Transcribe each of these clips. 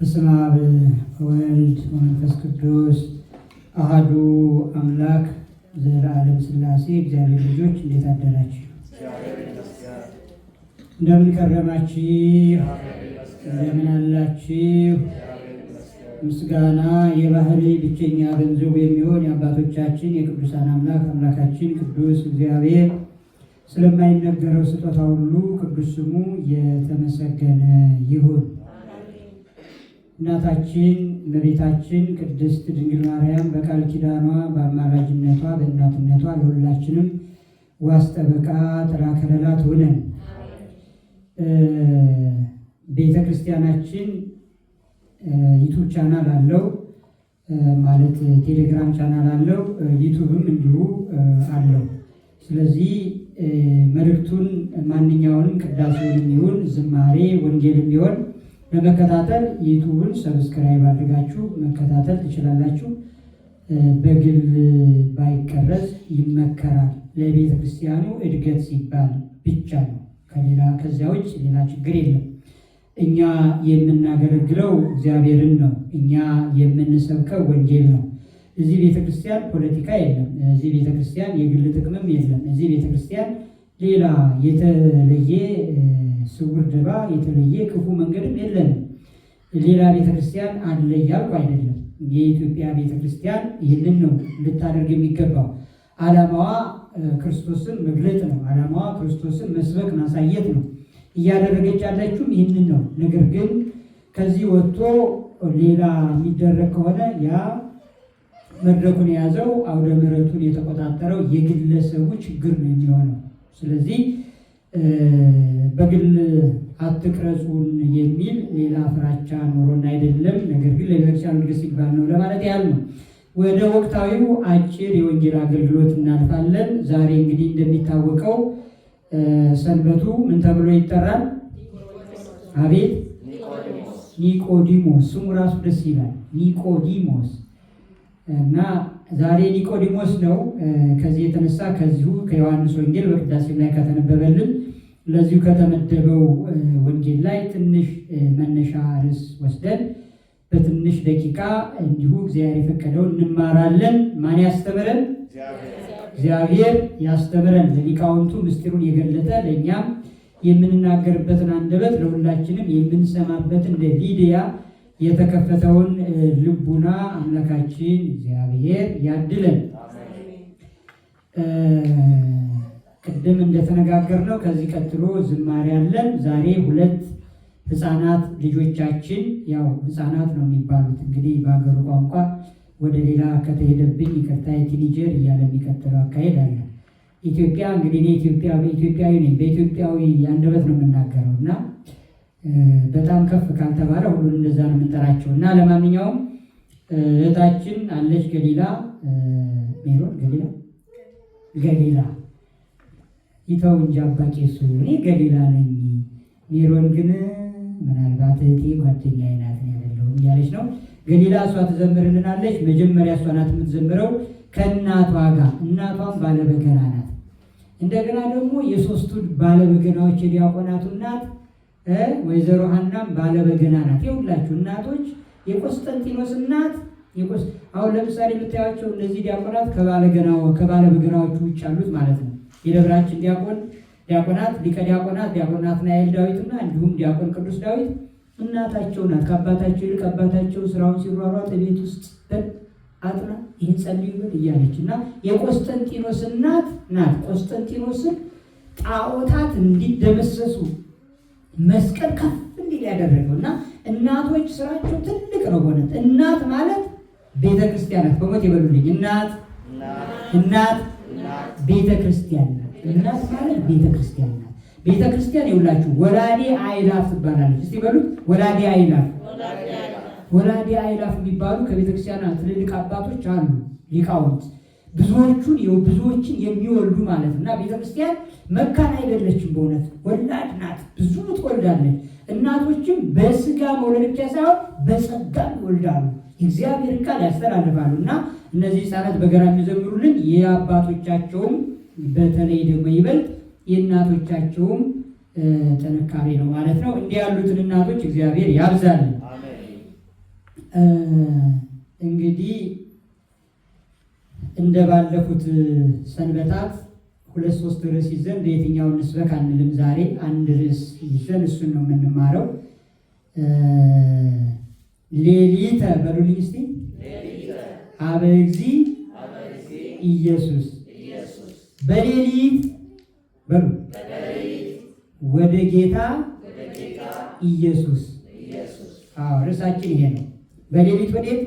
በስመ አብ ወወልድ ወመንፈስ ቅዱስ አህዱ አምላክ ዘላለም ሥላሴ እግዚአብሔር ልጆች እንዴት አደራችሁ? እንደምን ከረማችሁ? እንደምን አላችሁ? ምስጋና የባህሪ ብቸኛ ገንዘቡ የሚሆን የአባቶቻችን የቅዱሳን አምላክ አምላካችን ቅዱስ እግዚአብሔር ስለማይነገረው ስጦታ ሁሉ ቅዱስ ስሙ የተመሰገነ ይሁን። እናታችን እመቤታችን ቅድስት ድንግል ማርያም በቃል ኪዳኗ በአማራጅነቷ በእናትነቷ ለሁላችንም ዋስ ጠበቃ ጥላ ከለላ ትሆነን። ቤተ ክርስቲያናችን ዩቱብ ቻናል አለው ማለት ቴሌግራም ቻናል አለው፣ ዩቱብም እንዲሁ አለው። ስለዚህ መልእክቱን ማንኛውንም ቅዳሴውን ይሁን ዝማሬ ወንጌል ይሆን ለመከታተል ዩቱብን ሰብስክራይብ አድርጋችሁ መከታተል ትችላላችሁ። በግል ባይቀረጽ ይመከራል። ለቤተ ክርስቲያኑ እድገት ሲባል ብቻ ነው። ከሌላ ከዚያ ውጭ ሌላ ችግር የለም። እኛ የምናገለግለው እግዚአብሔርን ነው። እኛ የምንሰብከው ወንጌል ነው። እዚህ ቤተ ክርስቲያን ፖለቲካ የለም። እዚህ ቤተ ክርስቲያን የግል ጥቅምም የለም። እዚህ ቤተ ክርስቲያን ሌላ የተለየ ስውር ድባ የተለየ ክፉ መንገድም የለንም። ሌላ ቤተክርስቲያን አለ እያልኩ አይደለም። የኢትዮጵያ ቤተክርስቲያን ይህንን ነው ልታደርግ የሚገባው። ዓላማዋ ክርስቶስን መግለጥ ነው። ዓላማዋ ክርስቶስን መስበክ ማሳየት ነው። እያደረገች ያለችውም ይህንን ነው። ነገር ግን ከዚህ ወጥቶ ሌላ የሚደረግ ከሆነ ያ መድረኩን የያዘው አውደ ምሕረቱን የተቆጣጠረው የግለሰቡ ችግር ነው የሚሆነው። ስለዚህ በግል አትቅረጹን የሚል ሌላ ፍራቻ ኖሮን አይደለም። ነገር ግን ለቤተክርስቲያን እድገት ሲባል ነው ለማለት ያህል ነው። ወደ ወቅታዊው አጭር የወንጌል አገልግሎት እናልፋለን። ዛሬ እንግዲህ እንደሚታወቀው ሰንበቱ ምን ተብሎ ይጠራል? አቤት ኒቆዲሞስ። ስሙ ራሱ ደስ ይላል፣ ኒቆዲሞስ እና ዛሬ ኒቆዲሞስ ነው። ከዚህ የተነሳ ከዚሁ ከዮሐንስ ወንጌል በቅዳሴ ላይ ከተነበበልን ለዚሁ ከተመደበው ወንጌል ላይ ትንሽ መነሻ ርዕስ ወስደን በትንሽ ደቂቃ እንዲሁ እግዚአብሔር የፈቀደው እንማራለን። ማን ያስተምረን? እግዚአብሔር ያስተምረን። ለሊቃውንቱ ምስጢሩን የገለጠ ለእኛም የምንናገርበትን አንደበት ለሁላችንም የምንሰማበት እንደ ሊዲያ የተከፈተውን ልቡና አምላካችን እግዚአብሔር ያድለን። ቅድም እንደተነጋገርነው ከዚህ ቀጥሎ ዝማሬ አለን። ዛሬ ሁለት ህፃናት ልጆቻችን ያው ህፃናት ነው የሚባሉት እንግዲህ በሀገሩ ቋንቋ ወደ ሌላ ከተሄደብኝ ይቅርታ፣ የቲኒጀር እያለ የሚቀጥለው አካሄድ አለ። ኢትዮጵያ እንግዲህ እኔ ኢትዮጵያ በኢትዮጵያዊ ነኝ በኢትዮጵያዊ አንደበት ነው የምናገረው እና በጣም ከፍ ካልተባለ ሁሉን እንደዛ ነው የምንጠራቸው እና ለማንኛውም እህታችን አለች ገሊላ ሜሮን ገሊላ ገሊላ ይተው እንጂ አባ ቄሱ እኔ ገሊላ ነኝ። ሜሮን ግን ምናልባት እህቴ ጓደኛ አይናት ያለለው እያለች ነው። ገሊላ እሷ ትዘምርልናለች። መጀመሪያ እሷ ናት የምትዘምረው ከእናቷ ጋር። እናቷም ባለበገና ናት። እንደገና ደግሞ የሶስቱ ባለበገናዎች የዲያቆናቱ እናት ወይዘሮ ሀናም ባለበገና ናት። የሁላችሁ እናቶች የቆስጠንጢኖስ እናት አሁን ለምሳሌ የምታያቸው እነዚህ ዲያቆናት ከባለበገናዎቹ ውጭ አሉት ማለት ነው የደብራችን ዲያቆን ዲያቆናት ሊቀ ዲያቆናት ዲያቆን ናትናኤል ዳዊትና እንዲሁም ዲያቆን ቅዱስ ዳዊት እናታቸው ናት። ከአባታቸው ይልቅ አባታቸው ስራውን ሲሯሯጥ ቤት ውስጥ በል አጥና ይህን ጸልዩበት እያለች እና የቆስጠንጢኖስ እናት ናት። ቆስጠንጢኖስን ጣዖታት እንዲደመሰሱ መስቀል ከፍ እንዲል ያደረገው እና እናቶች ስራቸው ትልቅ ነው። በእውነት እናት ማለት ቤተክርስቲያናት በሞት የበሉልኝ እናት እናት ቤተ ክርስቲያን ናት። እናት ማለት ቤተ ክርስቲያን ናት። ቤተ ክርስቲያን ይውላችሁ ወላዴ አይላፍ ትባላለች። እስቲ በሉት ወላዴ አይላፍ። ወላዴ አይላፍ የሚባሉ ከቤተ ክርስቲያን ትልልቅ አባቶች አሉ ሊቃውንት ብዙዎቹን ብዙዎችን የሚወልዱ ማለት እና ቤተክርስቲያን መካን አይደለችም። በእውነት ወላድ ናት፣ ብዙ ትወልዳለች። እናቶችም በስጋ መውለድ ብቻ ሳይሆን በጸጋም ይወልዳሉ፣ የእግዚአብሔርን ቃል ያስተላልፋሉ እና እነዚህ ህፃናት በጋራ የሚዘምሩልን የአባቶቻቸውም በተለይ ደግሞ ይበልጥ የእናቶቻቸውም ጥንካሬ ነው ማለት ነው። እንዲህ ያሉትን እናቶች እግዚአብሔር ያብዛል። እንግዲህ እንደ ባለፉት ሰንበታት ሁለት ሶስት ርዕስ ይዘን በየትኛውን ንስበክ አንልም። ዛሬ አንድ ርዕስ ይዘን እሱን ነው የምንማረው። ሌሊተ በሉልኝ እስኪ አበግዚ ኢየሱስ በሌሊት ወደ ጌታ ኢየሱስ። አዎ ርዕሳችን ይሄ ነው። በሌሊት ወዴት?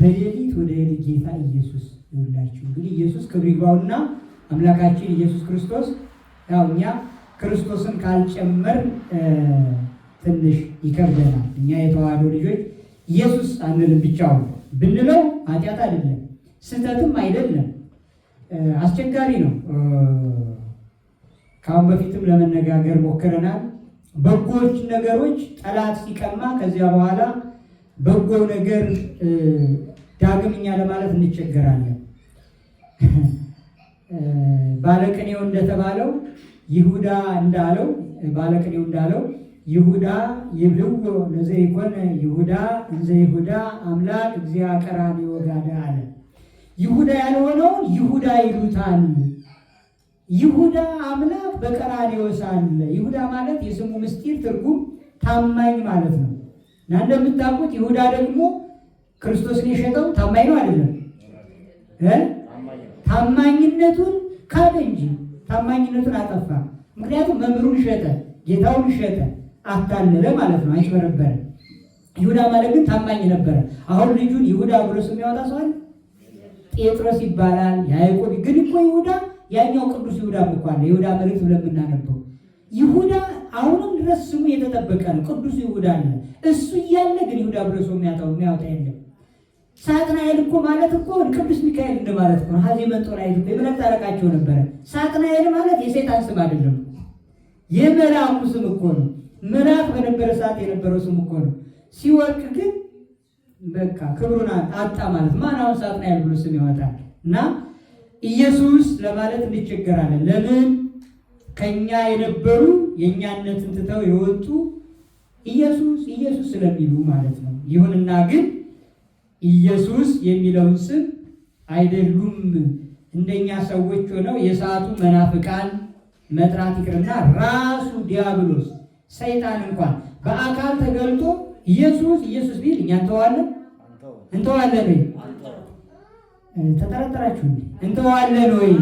በሌሊት ወደ ጌታ ኢየሱስ ይውላችሁ። እንግዲህ ኢየሱስ ክብር ይግባውና አምላካችን ኢየሱስ ክርስቶስ ያው እኛ ክርስቶስን ካልጨመር ትንሽ ይከብደናል። እኛ የተዋህዶ ልጆች ኢየሱስ አንልም ብቻውን ብንለው ኃጢአት አይደለም፣ ስህተትም አይደለም። አስቸጋሪ ነው። ከአሁን በፊትም ለመነጋገር ሞክረናል። በጎች ነገሮች ጠላት ሲቀማ ከዚያ በኋላ በጎ ነገር ዳግምኛ ለማለት እንቸገራለን። ባለቅኔው እንደተባለው ይሁዳ እንዳለው ባለቅኔው እንዳለው ይሁዳ ይብህዎ ለዘይኮነ ይሁዳ እንዘ ይሁዳ አምላክ እግዚአ ቀራኒ ወጋደ አለ። ይሁዳ ያልሆነውን ይሁዳ ይሉታል። ይሁዳ አምላክ በቀራንዮ ሳለ ይሁዳ ማለት የስሙ ምስጢር ትርጉም ታማኝ ማለት ነው እና እንደምታውቁት ይሁዳ ደግሞ ክርስቶስን የሸጠው ታማኝ ነው አይደለም? ታማኝነቱን ካደ እንጂ ታማኝነቱን አጠፋ። ምክንያቱም መምህሩን ሸጠ፣ ጌታውን ሸጠ። አታለለ ማለት ነው። አይበረበረ ይሁዳ ማለት ግን ታማኝ ነበረ። አሁን ልጁን ይሁዳ ብሎ ስም ያወጣ ሰው አለ? ጴጥሮስ ይባላል። ያዕቆብ ግን እኮ ይሁዳ ያኛው ቅዱስ ይሁዳ እኮ አለ። ይሁዳ መልእክት ብለን የምናነበው ይሁዳ አሁንም ድረስ ስሙ የተጠበቀ ነው። ቅዱስ ይሁዳ አለ። እሱ እያለ ግን ይሁዳ ብሎ ሰው የሚያወጣው የሚያወጣ የለም። ሳጥናኤል እኮ ማለት እኮ ቅዱስ ሚካኤል እንደማለት ነው። ሀዚ መጦናይት የመላእክት አለቃቸው ነበረ። ሳጥናኤል ማለት የሰይጣን ስም አይደለም፣ የመልአኩ ስም እኮ ነው። መልአክ በነበረ ሰዓት የነበረው ስም እኮ ነው። ሲወርቅ ግን በቃ ክብሩን አጣ ማለት ማን አሁን ሰዓት ነው ያልብሎ ስም ይወጣል እና ኢየሱስ ለማለት እንቸገራለን። ለምን ከኛ የነበሩ የእኛነትን ትተው የወጡ ኢየሱስ ኢየሱስ ስለሚሉ ማለት ነው። ይሁንና ግን ኢየሱስ የሚለውን ስም አይደሉም እንደኛ ሰዎች ሆነው የሰዓቱ መናፍቃን መጥራት ይቅርና ራሱ ዲያብሎስ ሰይጣን እንኳን በአካል ተገልጦ ኢየሱስ ኢየሱስ ቢል እኛ እንተዋለን እንተዋለን ወይ? ተጠረጠራችሁ? እንተዋለን ወይ?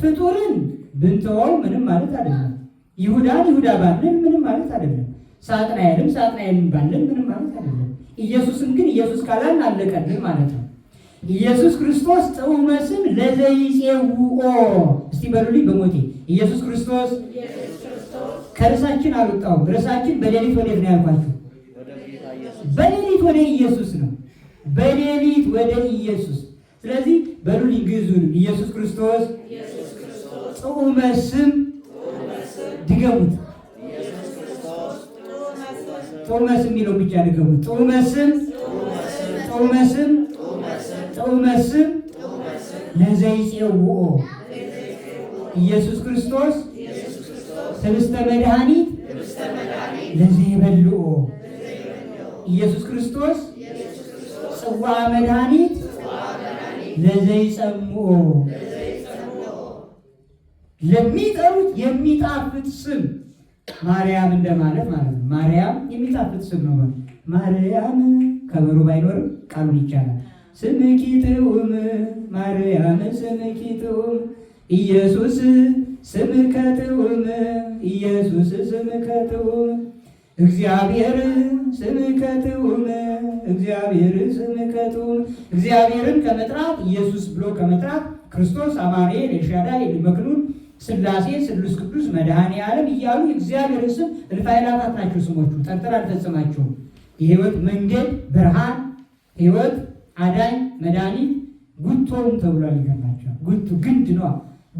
ፍጡርን ብንተወው ምንም ማለት አይደለም። ይሁዳን ይሁዳ ባለን ምንም ማለት አይደለም። ሳጥናኤልም ሳጥናኤልን ባለን ምንም ማለት አይደለም። ኢየሱስን ግን ኢየሱስ ካላልን አለቀልን ማለት ነው። ኢየሱስ ክርስቶስ ጥዑመ ስም ለዘይጼውኦ እስቲ በሉልኝ በሞቴ ኢየሱስ ክርስቶስ ከርሳችን አልወጣሁም። ርሳችን በሌሊት ወዴት ነው ያልኳችሁ? በሌሊት ወደ ኢየሱስ ነው። በሌሊት ወደ ኢየሱስ። ስለዚህ በሉልኝ ይግዙን ኢየሱስ ክርስቶስ ጥዑመ ስም ድገሙት። ጥዑመ ስም የሚለው ብቻ ድገሙት። ጥዑመ ስም ጥዑመ ስም ጥዑመ ስም ለዘይፄውኦ ኢየሱስ ክርስቶስ ስብስተ መድኃኒት ለዘይበልዑ ኢየሱስ ክርስቶስ ጽዋ መድኃኒት ለዘይጸምዖ ለሚጠሩት የሚጣፍጥ ስም ማርያም እንደማለት ማለት ነው። ማርያም የሚጣፍጥ ስም ነው። ማርያም ከበሮ ባይኖርም ቃሉን ይቻላል። ስምኪ ትኡም ማርያም ስምኪ ኢየሱስ ስምከ ትሁን ኢየሱስ ስምከ ትሁን እግዚአብሔር ስምከ ትሁን እግዚአብሔር ስምከ ትሁን። እግዚአብሔርን ከመጥራት ኢየሱስ ብሎ ከመጥራት ክርስቶስ፣ አማኑኤል፣ ኤልሻዳይ፣ ኤልመክኑን፣ ስላሴ ስሉስ ቅዱስ፣ መድኃኔ ዓለም እያሉ እግዚአብሔርን ስም እልፍ አእላፋት ናቸው ስሞቹ። ጠርጥር አልፈጽማቸውም። የህይወት መንገድ ብርሃን፣ ህይወት አዳኝ፣ መድኃኒት ጉቶም ተብሏል። ይገርማቸዋል። ጉቱ ግንድ ነው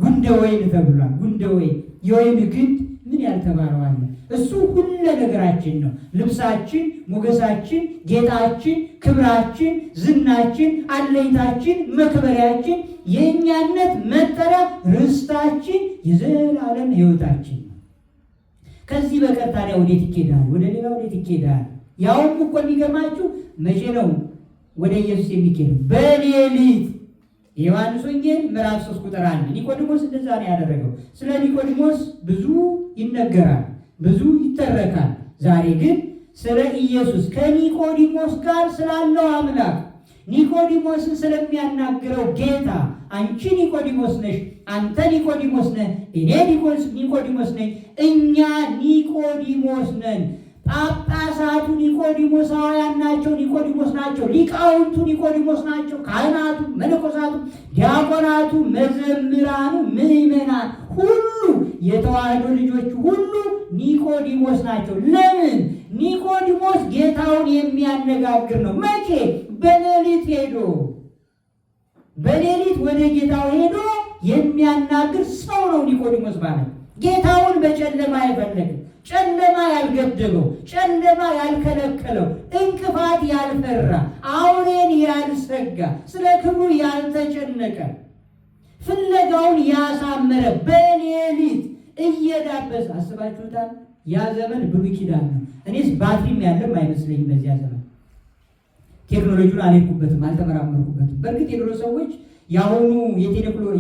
ጉንደ ወይን ተብሏል። ጉንደ ወይን የወይን ግንድ ምን ያልተባረዋለ እሱ ሁለ ነገራችን ነው። ልብሳችን፣ ሞገሳችን፣ ጌጣችን፣ ክብራችን፣ ዝናችን፣ አለኝታችን፣ መክበሪያችን፣ የእኛነት መጠሪያ ርስታችን፣ የዘላለም ህይወታችን ነው። ከዚህ በቀር ታዲያ ወዴት ይኬዳል? ወደ ሌላ ወዴት ይኬዳል? ያውም እኮ የሚገርማችሁ መቼ ነው ወደ ኢየሱስ የሚኬደው? በሌሊት የዮሐንስ ወንጌል ምዕራፍ 3 ቁጥር 1 ኒቆዲሞስ እንደዛ ነው ያደረገው። ስለ ኒቆዲሞስ ብዙ ይነገራል፣ ብዙ ይተረካል። ዛሬ ግን ስለ ኢየሱስ ከኒቆዲሞስ ጋር ስላለው አምላክ ኒቆዲሞስን ስለሚያናግረው ጌታ አንቺ ኒቆዲሞስ ነሽ፣ አንተ ኒቆዲሞስ ነህ፣ እኔ ኒቆዲሞስ ነኝ፣ እኛ ኒቆዲሞስ ነን ጳጳሳቱ ኒቆዲሞሳውያን ናቸው፣ ኒቆዲሞስ ናቸው። ሊቃውንቱ ኒቆዲሞስ ናቸው። ካህናቱ፣ መነኮሳቱ፣ ዲያቆናቱ፣ መዘምራኑ፣ ምዕመናን ሁሉ የተዋህዶ ልጆች ሁሉ ኒቆዲሞስ ናቸው። ለምን? ኒቆዲሞስ ጌታውን የሚያነጋግር ነው። መቼ? በሌሊት ሄዶ በሌሊት ወደ ጌታው ሄዶ የሚያናግር ሰው ነው ኒቆዲሞስ ማለት። ጌታውን በጨለማ አይፈለግም። ጨለማ ያልገደበው፣ ጨለማ ያልከለከለው፣ እንቅፋት ያልፈራ፣ አውሬን ያልሰጋ፣ ስለ ክብሩ ያልተጨነቀ፣ ፍለጋውን ያሳመረ በሌሊት እየዳበሰ አስባችሁታል። ያ ዘመን ብሉይ ኪዳን ነው። እኔስ ባትሪም ያለም አይመስለኝም። በዚያ ዘመን ቴክኖሎጂውን አልሄድኩበትም፣ አልተመራመርኩበትም። በእርግጥ የድሮ ሰዎች የአሁኑ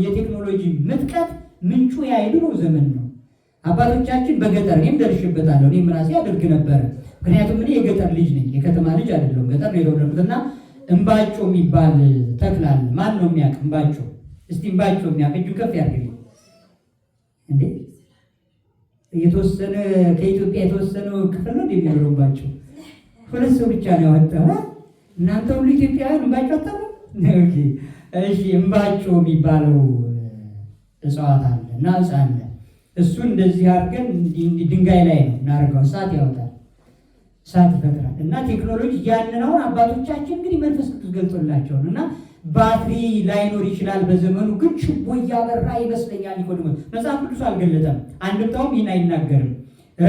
የቴክኖሎጂ ምጥቀት ምንጩ የአይድሮ ዘመን ነው። አባቶቻችን በገጠር እኔም ደርሽበታለሁ። እኔም ራሴ አድርግ ነበረ። ምክንያቱም እኔ የገጠር ልጅ ነኝ፣ የከተማ ልጅ አይደለሁም። ገጠር ነው የደረኩት እምባጮ የሚባል ተክል አለ። ማን ነው የሚያውቅ? እምባጮ እስቲ እምባጮ የሚያውቅ እጁ ከፍ ያድርግ። እንዴ የተወሰነ ከኢትዮጵያ የተወሰነ ክፍል ነው የሚኖረው እምባጮ። ሁለት ሰው ብቻ ነው ያወጣው። እናንተ ሁሉ ኢትዮጵያውያን እምባጮ አታውቁ? እሺ እምባጮ የሚባለው እጽዋት አለ እና እጽ አለ እሱ እንደዚህ አድርገን ድንጋይ ላይ ነው እናደርገው፣ እሳት ያወጣል፣ እሳት ይፈጥራል። እና ቴክኖሎጂ ያንን አሁን አባቶቻችን እንግዲህ መንፈስ ቅዱስ ገልጾላቸውን እና ባትሪ ላይኖር ይችላል በዘመኑ ግን ችቦ እያበራ ይመስለኛል። ኒቆዲሞስ መጽሐፍ ቅዱስ አልገለጠም፣ አንድምታውም ይህን አይናገርም።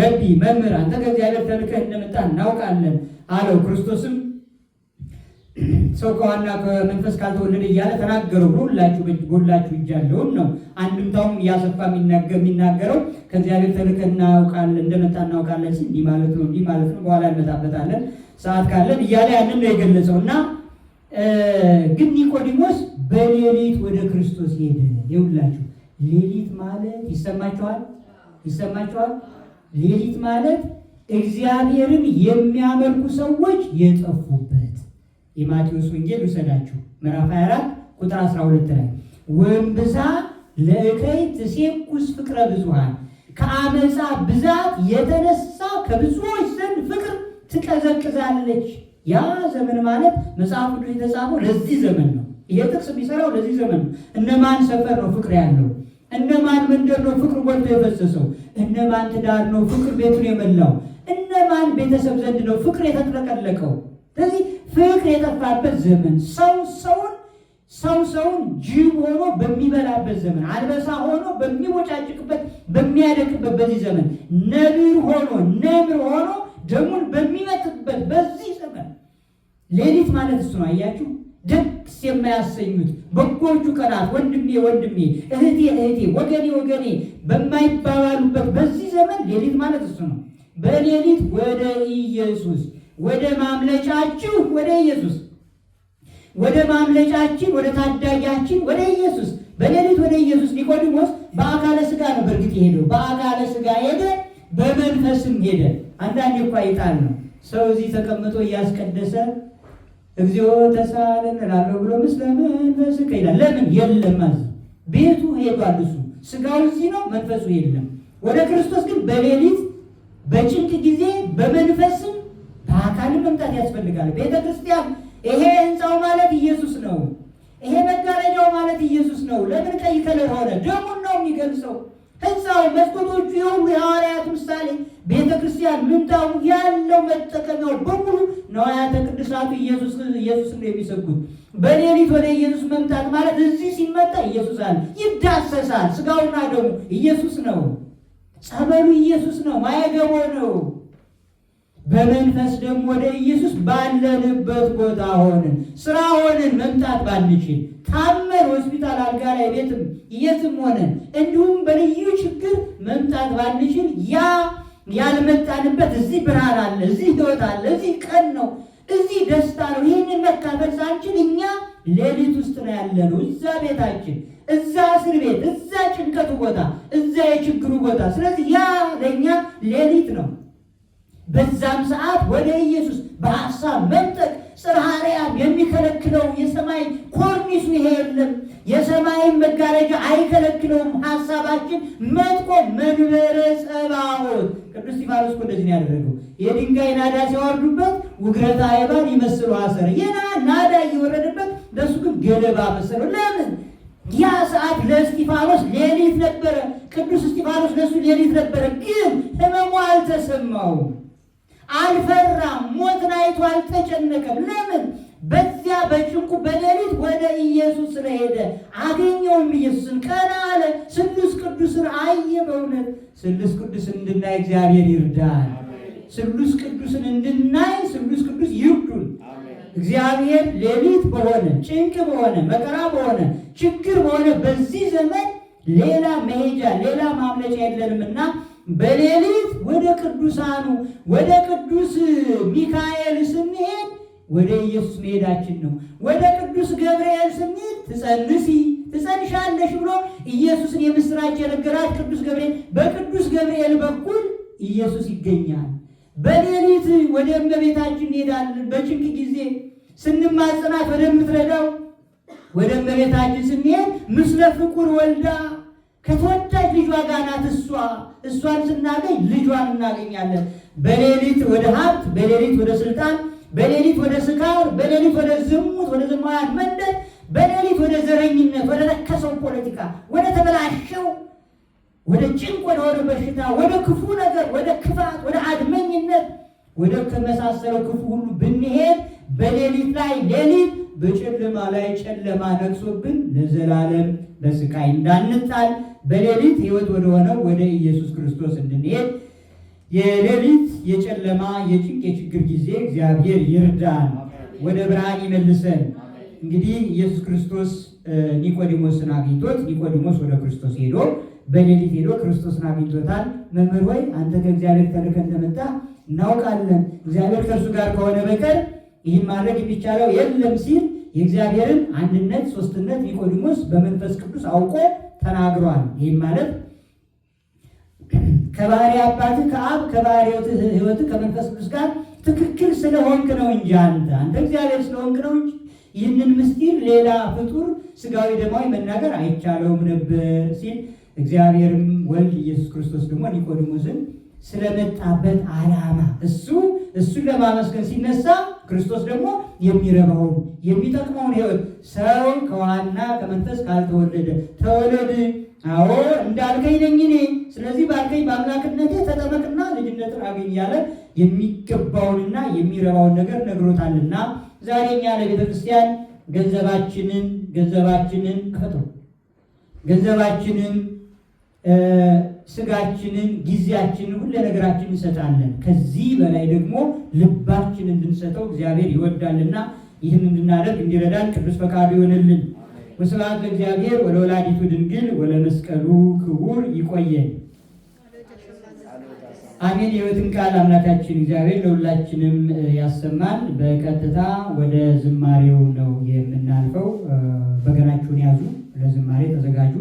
ረቢ መምህር አንተ ከእግዚአብሔር ተልከህ እንደመጣ እናውቃለን አለው። ክርስቶስም ሰው ከዋና ከመንፈስ ካልተወለደ እያለ ተናገረው ብሎ ሁላችሁ በጎላችሁ እጃለውን ነው። አንድምታውም እያሰፋ የሚናገረው ከእግዚአብሔር ተልከ እናውቃለን እንደመጣ እናውቃለን እንዲህ ማለት ነው እንዲህ ማለት ነው በኋላ እንመጣበታለን ሰዓት ካለን እያለ ያንን ነው የገለጸው እና ግን ኒቆዲሞስ በሌሊት ወደ ክርስቶስ ሄደ። ይሁላችሁ ሌሊት ማለት ይሰማችኋል፣ ይሰማችኋል። ሌሊት ማለት እግዚአብሔርን የሚያመልኩ ሰዎች የጠፉበት የማቴዎስ ወንጌል ውሰዳችሁ ምዕራፍ 24 ቁጥር 12 ላይ ወንብዛ ለእከይ ትሴኩስ ፍቅረ ብዙሃን ከአመፃ ብዛት የተነሳ ከብዙዎች ዘንድ ፍቅር ትቀዘቅዛለች። ያ ዘመን ማለት መጽሐፍ ቅዱስ የተጻፈው ለዚህ ዘመን ነው። ይሄ ጥቅስ የሚሰራው ለዚህ ዘመን ነው። እነማን ሰፈር ነው ፍቅር ያለው? እነማን መንደር ነው ፍቅር ጎልቶ የፈሰሰው? እነማን ትዳር ነው ፍቅር ቤቱን የመላው? እነማን ቤተሰብ ዘንድ ነው ፍቅር የተጥለቀለቀው? ስለዚህ ፍቅር የጠፋበት ዘመን ሰው ሰውን ሰው ሰውን ጅብ ሆኖ በሚበላበት ዘመን አንበሳ ሆኖ በሚቦጫጭቅበት በሚያደቅበት በዚህ ዘመን ነብር ሆኖ ነብር ሆኖ ደሙን በሚመጥበት በዚህ ዘመን ሌሊት ማለት እሱ ነው። አያችሁ ደስ የማያሰኙት በጎቹ ቀናት ወንድሜ ወንድሜ፣ እህቴ እህቴ፣ ወገኔ ወገኔ በማይባባሉበት በዚህ ዘመን ሌሊት ማለት እሱ ነው። በሌሊት ወደ ኢየሱስ ወደ ማምለጫችሁ ወደ ኢየሱስ ወደ ማምለጫችን ወደ ታዳጊያችን ወደ ኢየሱስ በሌሊት ወደ ኢየሱስ ኒቆዲሞስ በአካለ ስጋ ነው። በእርግጥ ሄደው በአካለ ስጋ ሄደ፣ በመንፈስም ሄደ። አንዳንድ እኳ ይጣል ነው ሰው እዚህ ተቀምጦ እያስቀደሰ እግዚኦ ተሳለን እላለሁ ብሎ ምስለ መንፈስ ይላል። ለምን የለም አዝ ቤቱ ሄዷል። እሱ ስጋው እዚህ ነው፣ መንፈሱ የለም። ወደ ክርስቶስ ግን በሌሊት በጭንቅ ጊዜ በመንፈስም በአካልም መምጣት ያስፈልጋል። ቤተ ክርስቲያን ይሄ ህንፃው ማለት ኢየሱስ ነው። ይሄ መጋረጃው ማለት ኢየሱስ ነው። ለምን ቀይ ከለር ሆነ? ደሙን ነው የሚገልጸው። ህንፃው፣ መስኮቶቹ የሁሉ የሐዋርያት ምሳሌ፣ ቤተ ክርስቲያን ምንታው ያለው መጠቀሚያው በሙሉ ነዋያተ ቅዱሳቱ ኢየሱስ ኢየሱስ ነው የሚሰጉት። በሌሊት ወደ ኢየሱስ መምጣት ማለት እዚህ ሲመጣ ኢየሱስ አለ፣ ይዳሰሳል። ስጋውና ደሙ ኢየሱስ ነው። ጸበሉ ኢየሱስ ነው። ማየገቦ ነው። በመንፈስ ደግሞ ወደ ኢየሱስ ባለንበት ቦታ ሆንን፣ ስራ ሆንን፣ መምጣት ባንችል ታመን፣ ሆስፒታል አልጋ ላይ ቤትም የትም ሆነን እንዲሁም በልዩ ችግር መምጣት ባንችል ያ ያልመጣንበት እዚህ ብርሃን አለ፣ እዚህ ህይወት አለ፣ እዚህ ቀን ነው፣ እዚህ ደስታ ነው። ይህንን መካፈል ሳንችል እኛ ሌሊት ውስጥ ነው ያለነው፣ እዛ ቤታችን፣ እዛ እስር ቤት፣ እዛ ጭንቀቱ ቦታ፣ እዛ የችግሩ ቦታ። ስለዚህ ያ ለእኛ ሌሊት ነው። በዛም ሰዓት ወደ ኢየሱስ በሐሳብ መንጠቅ ጽርሐ አርያም የሚከለክለው የሰማይ ኮርኒሱ ይሄ የለም። የሰማይን መጋረጃ አይከለክለውም። ሐሳባችን መጥቆ መንበረ ጸባዖት ቅዱስ እስጢፋኖስ እኮ እንደዚህ ነው ያደረገው። የድንጋይ ናዳ ሲያወርዱበት ውግረታ አይባል ይመስሉ አሰረ የና ናዳ እየወረደበት ለሱ ግን ገለባ መሰለው። ለምን ያ ሰዓት ለእስጢፋኖስ ሌሊት ነበረ። ቅዱስ እስጢፋኖስ ለሱ ሌሊት ነበረ፣ ግን ህመሙ አልተሰማውም። አልፈራም። ሞትን አይቶ አልተጨነቀም። ለምን? በዚያ በጭንቁ በሌሊት ወደ ኢየሱስ ስለሄደ አገኘውም። ኢየሱስን ቀና አለ፣ ስሉስ ቅዱስን አየ። በእውነት ስሉስ ቅዱስ እንድናይ እግዚአብሔር ይርዳል። ስሉስ ቅዱስን እንድናይ ስሉስ ቅዱስ ይርዱን። እግዚአብሔር ሌሊት በሆነ ጭንቅ በሆነ መከራ በሆነ ችግር በሆነ በዚህ ዘመን ሌላ መሄጃ ሌላ ማምለጫ የለንምና በሌሊት ወደ ቅዱሳኑ ወደ ቅዱስ ሚካኤል ስንሄድ ወደ ኢየሱስ መሄዳችን ነው። ወደ ቅዱስ ገብርኤል ስንሄድ ትጸንሲ ትጸንሻለሽ ብሎ ኢየሱስን የምስራች የነገራት ቅዱስ ገብርኤል በቅዱስ ገብርኤል በኩል ኢየሱስ ይገኛል። በሌሊት ወደ እመቤታችን እንሄዳለን። በጭንቅ ጊዜ ስንማጽናት ወደምትረዳው ወደ እመቤታችን ስንሄድ ምስለ ፍቁር ወልዳ ከተወዳጅ ልጇ ጋር ናት እሷ። እሷን ስናገኝ ልጇን እናገኛለን። በሌሊት ወደ ሀብት፣ በሌሊት ወደ ስልጣን፣ በሌሊት ወደ ስካር፣ በሌሊት ወደ ዝሙት፣ ወደ ዘማውያን መንደድ፣ በሌሊት ወደ ዘረኝነት፣ ወደ ረከሰው ፖለቲካ፣ ወደ ተበላሸው፣ ወደ ጭንቅ ወደ ሆነ በሽታ፣ ወደ ክፉ ነገር፣ ወደ ክፋት፣ ወደ አድመኝነት፣ ወደ ከመሳሰለው ክፉ ሁሉ ብንሄድ በሌሊት ላይ ሌሊት በጨለማ ላይ ጨለማ ነግሶብን ለዘላለም በስቃይ እንዳንጣል በሌሊት ወደ ወደሆነው ወደ ኢየሱስ ክርስቶስ እንድንሄድ የሌሊት የጨለማ የጭንቅ የችግር ጊዜ እግዚአብሔር ይርዳን፣ ወደ ብርሃን ይመልሰን። እንግዲህ ኢየሱስ ክርስቶስ ኒቆዲሞስን አግኝቶት ኒቆዲሞስ ወደ ክርስቶስ ሄዶ በሌሊት ሄዶ ክርስቶስን አግኝቶታል። መምህር ወይ አንተ ከእግዚአብሔር ተልከ እንደመጣ እናውቃለን፣ እግዚአብሔር ከእርሱ ጋር ከሆነ በቀር ይህን ማድረግ የሚቻለው የለም ሲል የእግዚአብሔርን አንድነት ሶስትነት ኒቆዲሞስ በመንፈስ ቅዱስ አውቆ ተናግሯል። ይህም ማለት ከባህሪ አባትህ ከአብ ከባህሪ ህይወት ከመንፈስ ቅዱስ ጋር ትክክል ስለሆንክ ነው እንጂ አንተ አንተ እግዚአብሔር ስለሆንክ ነው እንጂ ይህንን ምስጢር ሌላ ፍጡር ስጋዊ ደማዊ መናገር አይቻለውም ነበር ሲል እግዚአብሔርም ወልድ ኢየሱስ ክርስቶስ ደግሞ ኒቆዲሞስን ስለመጣበት ዓላማ እሱ እሱን ለማመስገን ሲነሳ ክርስቶስ ደግሞ የሚረባውን የሚጠቅመውን ህይወት ሰው ከዋና ከመንፈስ ካልተወለደ ተወለድ። አዎ እንዳልከኝ ነኝ እኔ። ስለዚህ ባልከኝ በአምላክነት ተጠመቅና ልጅነትን አገኝ ያለ የሚገባውንና የሚረባውን ነገር ነግሮታልና ዛሬ እኛ ለቤተ ገንዘባችንን ገንዘባችንን ከፈቶ ገንዘባችንን ስጋችንን ጊዜያችንን ሁሉ ነገራችንን እንሰጣለን። ከዚህ በላይ ደግሞ ልባችንን እንድንሰጠው እግዚአብሔር ይወዳልና ይህን እንድናደርግ እንዲረዳን ቅዱስ ፈቃዱ ይሆንልን። ወስብሐት ለእግዚአብሔር ወለወላዲቱ ድንግል ወለመስቀሉ ክቡር። ይቆየን። አሜን። የሕይወትን ቃል አምላካችን እግዚአብሔር ለሁላችንም ያሰማን። በቀጥታ ወደ ዝማሬው ነው የምናልፈው። በገናችሁን ያዙ፣ ለዝማሬ ተዘጋጁ።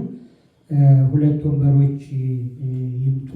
ሁለት ወንበሮች ይምጡ።